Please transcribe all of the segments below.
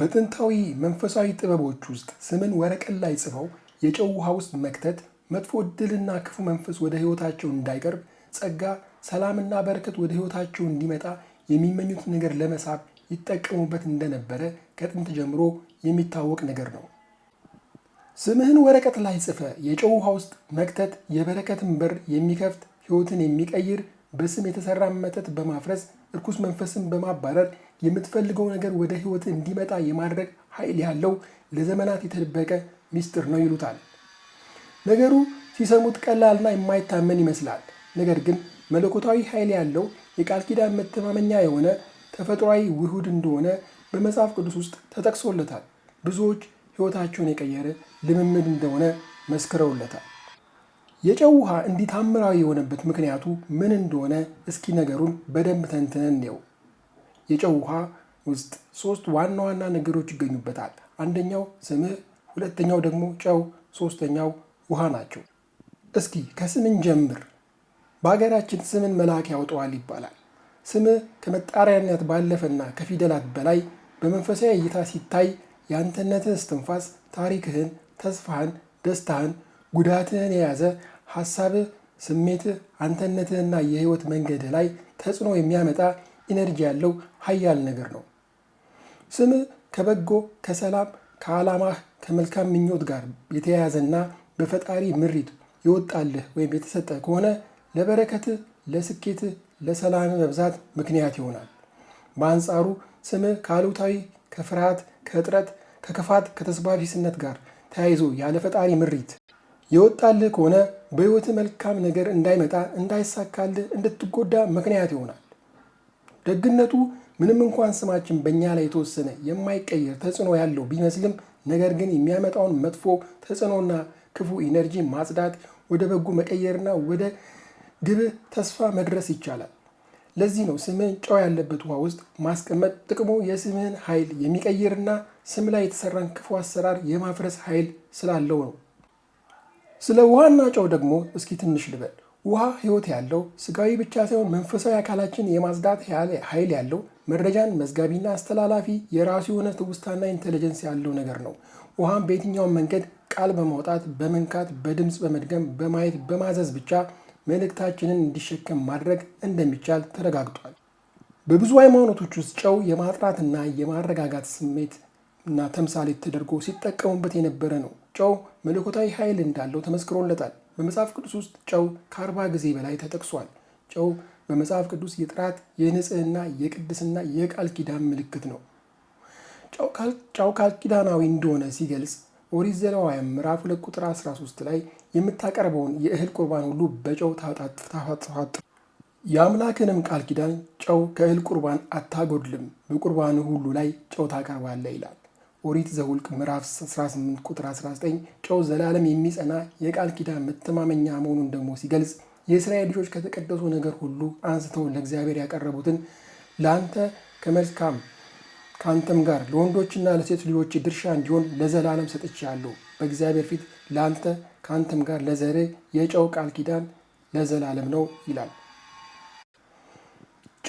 በጥንታዊ መንፈሳዊ ጥበቦች ውስጥ ስምን ወረቀት ላይ ጽፈው የጨው ውሃ ውስጥ መክተት መጥፎ እድልና ክፉ መንፈስ ወደ ህይወታቸው እንዳይቀርብ ጸጋ፣ ሰላምና በረከት ወደ ህይወታቸው እንዲመጣ የሚመኙት ነገር ለመሳብ ይጠቀሙበት እንደነበረ ከጥንት ጀምሮ የሚታወቅ ነገር ነው። ስምህን ወረቀት ላይ ጽፈ የጨው ውሃ ውስጥ መክተት የበረከትን በር የሚከፍት ህይወትን የሚቀይር በስም የተሰራ መተት በማፍረስ እርኩስ መንፈስን በማባረር የምትፈልገው ነገር ወደ ህይወት እንዲመጣ የማድረግ ኃይል ያለው ለዘመናት የተደበቀ ሚስጥር ነው ይሉታል። ነገሩ ሲሰሙት ቀላልና የማይታመን ይመስላል። ነገር ግን መለኮታዊ ኃይል ያለው የቃል ኪዳን መተማመኛ የሆነ ተፈጥሯዊ ውሁድ እንደሆነ በመጽሐፍ ቅዱስ ውስጥ ተጠቅሶለታል። ብዙዎች ህይወታቸውን የቀየረ ልምምድ እንደሆነ መስክረውለታል። የጨው ውሃ እንዲህ ታምራዊ የሆነበት ምክንያቱ ምን እንደሆነ እስኪ ነገሩን በደንብ ተንትነን እንየው። የጨው ውሃ ውስጥ ሶስት ዋና ዋና ነገሮች ይገኙበታል። አንደኛው ስምህ፣ ሁለተኛው ደግሞ ጨው፣ ሶስተኛው ውሃ ናቸው። እስኪ ከስምን ጀምር። በሀገራችን ስምን መልአክ ያውጠዋል ይባላል። ስምህ ከመጣሪያነት ባለፈና ከፊደላት በላይ በመንፈሳዊ እይታ ሲታይ የአንተነትህ እስትንፋስ ታሪክህን፣ ተስፋህን፣ ደስታህን፣ ጉዳትህን የያዘ ሀሳብህ፣ ስሜትህ፣ አንተነትህና የህይወት መንገድ ላይ ተጽዕኖ የሚያመጣ ኢነርጂ ያለው ሀያል ነገር ነው። ስምህ ከበጎ ከሰላም፣ ከዓላማህ፣ ከመልካም ምኞት ጋር የተያያዘና በፈጣሪ ምሪት የወጣልህ ወይም የተሰጠ ከሆነ ለበረከትህ፣ ለስኬትህ፣ ለሰላም መብዛት ምክንያት ይሆናል። በአንጻሩ ስምህ ከአሉታዊ፣ ከፍርሃት፣ ከእጥረት፣ ከክፋት፣ ከተስባቢስነት ጋር ተያይዞ ያለ ፈጣሪ ምሪት የወጣልህ ከሆነ በህይወት መልካም ነገር እንዳይመጣ እንዳይሳካልህ እንድትጎዳ ምክንያት ይሆናል። ደግነቱ ምንም እንኳን ስማችን በእኛ ላይ የተወሰነ የማይቀየር ተጽዕኖ ያለው ቢመስልም ነገር ግን የሚያመጣውን መጥፎ ተጽዕኖና ክፉ ኢነርጂ ማጽዳት፣ ወደ በጎ መቀየርና ወደ ግብህ ተስፋ መድረስ ይቻላል። ለዚህ ነው ስምህን ጨው ያለበት ውሃ ውስጥ ማስቀመጥ ጥቅሙ የስምህን ኃይል የሚቀይርና ስም ላይ የተሰራን ክፉ አሰራር የማፍረስ ኃይል ስላለው ነው። ስለ ውሃና ጨው ደግሞ እስኪ ትንሽ ልበል። ውሃ ህይወት ያለው ስጋዊ ብቻ ሳይሆን መንፈሳዊ አካላችን የማጽዳት ኃይል ያለው መረጃን መዝጋቢና አስተላላፊ የራሱ የሆነ ትውስታና ኢንቴሊጀንስ ያለው ነገር ነው። ውሃን በየትኛውም መንገድ ቃል በማውጣት በመንካት፣ በድምፅ በመድገም፣ በማየት፣ በማዘዝ ብቻ መልእክታችንን እንዲሸከም ማድረግ እንደሚቻል ተረጋግጧል። በብዙ ሃይማኖቶች ውስጥ ጨው የማጥራትና የማረጋጋት ስሜት እና ተምሳሌት ተደርጎ ሲጠቀሙበት የነበረ ነው። ጨው መለኮታዊ ኃይል እንዳለው ተመስክሮለታል። በመጽሐፍ ቅዱስ ውስጥ ጨው ከአርባ ጊዜ በላይ ተጠቅሷል። ጨው በመጽሐፍ ቅዱስ የጥራት የንጽህና የቅድስና የቃል ኪዳን ምልክት ነው። ጨው ቃል ኪዳናዊ እንደሆነ ሲገልጽ ኦሪት ዘሌዋውያን ምዕራፍ 2 ቁጥር 13 ላይ የምታቀርበውን የእህል ቁርባን ሁሉ በጨው ታጣጥፍ፣ የአምላክንም ቃል ኪዳን ጨው ከእህል ቁርባን አታጎድልም፣ በቁርባን ሁሉ ላይ ጨው ታቀርባለህ ይላል። ኦሪት ዘውልቅ ምዕራፍ 18 ቁጥር 19 ጨው ዘላለም የሚጸና የቃል ኪዳን መተማመኛ መሆኑን ደግሞ ሲገልጽ የእስራኤል ልጆች ከተቀደሱ ነገር ሁሉ አንስተው ለእግዚአብሔር ያቀረቡትን ለአንተ ከመልካም ከአንተም ጋር ለወንዶችና ለሴት ልጆች ድርሻ እንዲሆን ለዘላለም ሰጥቼሃለሁ። በእግዚአብሔር ፊት ለአንተ ከአንተም ጋር ለዘሬ የጨው ቃል ኪዳን ለዘላለም ነው ይላል።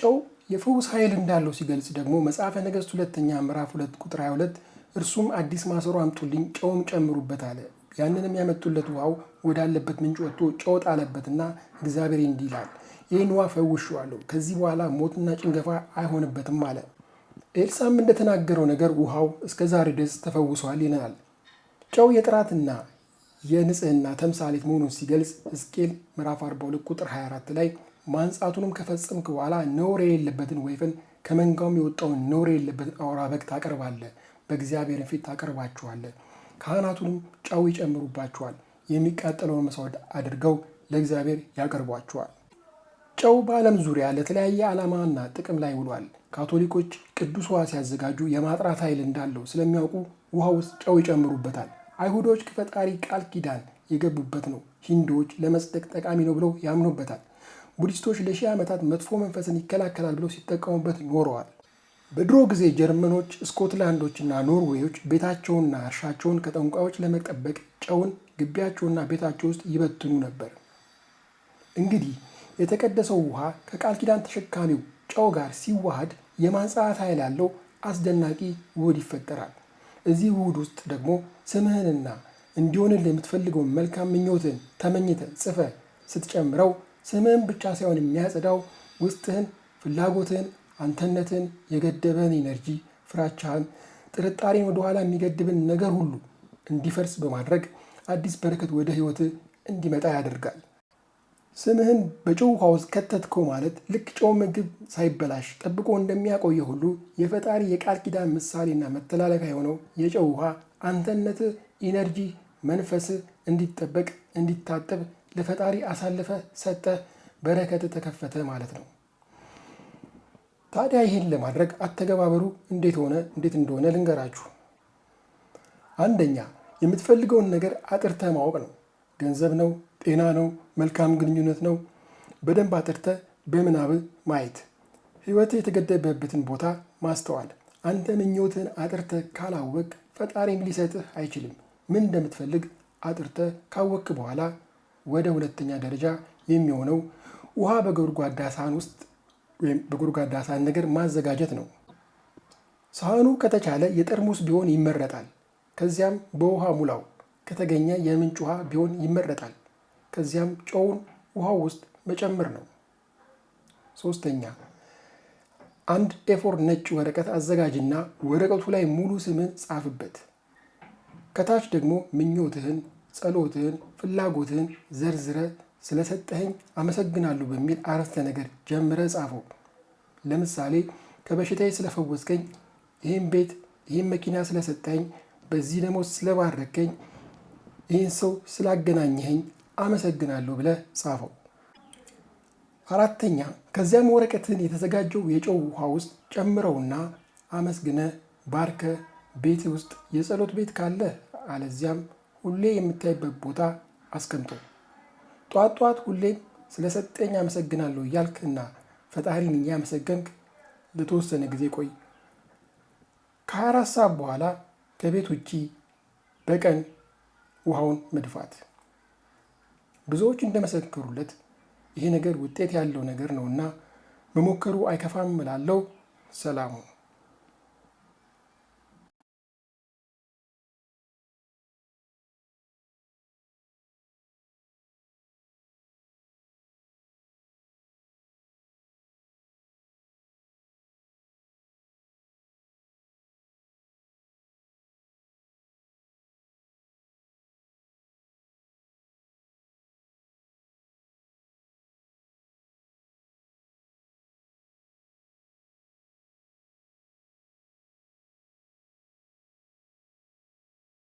ጨው የፈውስ ኃይል እንዳለው ሲገልጽ ደግሞ መጽሐፈ ነገሥት ሁለተኛ ምዕራፍ ሁለት ቁጥር 22 እርሱም አዲስ ማሰሮ አምጡልኝ፣ ጨውም ጨምሩበት አለ። ያንንም ያመጡለት ውሃው ወዳለበት ምንጭ ወጥቶ ጨው ጣለበትና እግዚአብሔር እንዲህ ይላል ይህን ውሃ ፈውሼዋለሁ፣ ከዚህ በኋላ ሞትና ጭንገፋ አይሆንበትም አለ። ኤልሳም እንደተናገረው ነገር ውሃው እስከ ዛሬ ድረስ ተፈውሷል ይለናል። ጨው የጥራትና የንጽህና ተምሳሌት መሆኑን ሲገልጽ ሕዝቅኤል ምዕራፍ 42 ቁጥር 24 ላይ ማንጻቱንም ከፈጸምክ በኋላ ነውር የሌለበትን ወይፈን ከመንጋውም የወጣውን ነውር የሌለበትን አውራ በግ ታቀርባለህ በእግዚአብሔር ፊት ታቀርባችኋለህ። ካህናቱንም ጨው ይጨምሩባችኋል፣ የሚቃጠለውን መስዋዕት አድርገው ለእግዚአብሔር ያቀርቧቸዋል። ጨው በዓለም ዙሪያ ለተለያየ ዓላማና ጥቅም ላይ ውሏል። ካቶሊኮች ቅዱስ ውሃ ሲያዘጋጁ የማጥራት ኃይል እንዳለው ስለሚያውቁ ውሃ ውስጥ ጨው ይጨምሩበታል። አይሁዶች ከፈጣሪ ቃል ኪዳን የገቡበት ነው። ሂንዶዎች ለመጽደቅ ጠቃሚ ነው ብለው ያምኑበታል። ቡዲስቶች ለሺህ ዓመታት መጥፎ መንፈስን ይከላከላል ብለው ሲጠቀሙበት ኖረዋል። በድሮ ጊዜ ጀርመኖች፣ ስኮትላንዶችና ኖርዌዮች ቤታቸውንና እርሻቸውን ከጠንቋዮች ለመጠበቅ ጨውን ግቢያቸውና ቤታቸው ውስጥ ይበትኑ ነበር። እንግዲህ የተቀደሰው ውሃ ከቃል ኪዳን ተሸካሚው ጨው ጋር ሲዋሃድ የማንጻት ኃይል ያለው አስደናቂ ውህድ ይፈጠራል። እዚህ ውህድ ውስጥ ደግሞ ስምህንና እንዲሆንልህ የምትፈልገውን መልካም ምኞትን ተመኝተ ጽፈ ስትጨምረው ስምህን ብቻ ሳይሆን የሚያጸዳው ውስጥህን፣ ፍላጎትህን አንተነትን የገደበን ኢነርጂ፣ ፍራቻህን፣ ጥርጣሬን ወደኋላ የሚገድብን ነገር ሁሉ እንዲፈርስ በማድረግ አዲስ በረከት ወደ ህይወት እንዲመጣ ያደርጋል። ስምህን በጨው ውሃ ውስጥ ከተትከው ማለት ልክ ጨው ምግብ ሳይበላሽ ጠብቆ እንደሚያቆየ ሁሉ የፈጣሪ የቃል ኪዳን ምሳሌና መተላለፊያ የሆነው የጨው ውሃ አንተነት ኢነርጂ፣ መንፈስ እንዲጠበቅ፣ እንዲታጠብ ለፈጣሪ አሳልፈ ሰጠ፣ በረከት ተከፈተ ማለት ነው። ታዲያ ይህን ለማድረግ አተገባበሩ እንዴት ሆነ እንዴት እንደሆነ ልንገራችሁ። አንደኛ የምትፈልገውን ነገር አጥርተ ማወቅ ነው። ገንዘብ ነው፣ ጤና ነው፣ መልካም ግንኙነት ነው። በደንብ አጥርተ በምናብ ማየት፣ ህይወት የተገደበበትን ቦታ ማስተዋል። አንተ ምኞትን አጥርተ ካላወቅ ፈጣሪም ሊሰጥህ አይችልም። ምን እንደምትፈልግ አጥርተ ካወቅክ በኋላ ወደ ሁለተኛ ደረጃ የሚሆነው ውሃ በጎድጓዳ ሳህን ውስጥ ወይም በጎድጓዳ ሳህን ነገር ማዘጋጀት ነው። ሳህኑ ከተቻለ የጠርሙስ ቢሆን ይመረጣል። ከዚያም በውሃ ሙላው። ከተገኘ የምንጭ ውሃ ቢሆን ይመረጣል። ከዚያም ጨውን ውሃው ውስጥ መጨመር ነው። ሶስተኛ አንድ ኤፎር ነጭ ወረቀት አዘጋጅና ወረቀቱ ላይ ሙሉ ስምን ጻፍበት። ከታች ደግሞ ምኞትህን፣ ጸሎትህን፣ ፍላጎትህን ዘርዝረ ስለሰጠኸኝ አመሰግናለሁ በሚል አረፍተ ነገር ጀምረ ጻፈው። ለምሳሌ ከበሽታዬ ስለፈወስከኝ፣ ይህን ቤት፣ ይህን መኪና ስለሰጠኝ፣ በዚህ ደግሞ ስለባረከኝ፣ ይህን ሰው ስላገናኘኸኝ አመሰግናለሁ ብለ ጻፈው። አራተኛ ከዚያም ወረቀትን የተዘጋጀው የጨው ውሃ ውስጥ ጨምረውና አመስግነ ባርከ ቤት ውስጥ የጸሎት ቤት ካለ አለዚያም ሁሌ የምታይበት ቦታ አስቀምጠው። ጧት ጧት ሁሌም ስለሰጠኝ አመሰግናለሁ እያልክና ፈጣሪን እያመሰገንክ ለተወሰነ ጊዜ ቆይ። ከ24 ሰዓት በኋላ ከቤት ውጪ በቀን ውሃውን መድፋት። ብዙዎች እንደመሰከሩለት ይሄ ነገር ውጤት ያለው ነገር ነው እና መሞከሩ አይከፋም እላለሁ። ሰላሙ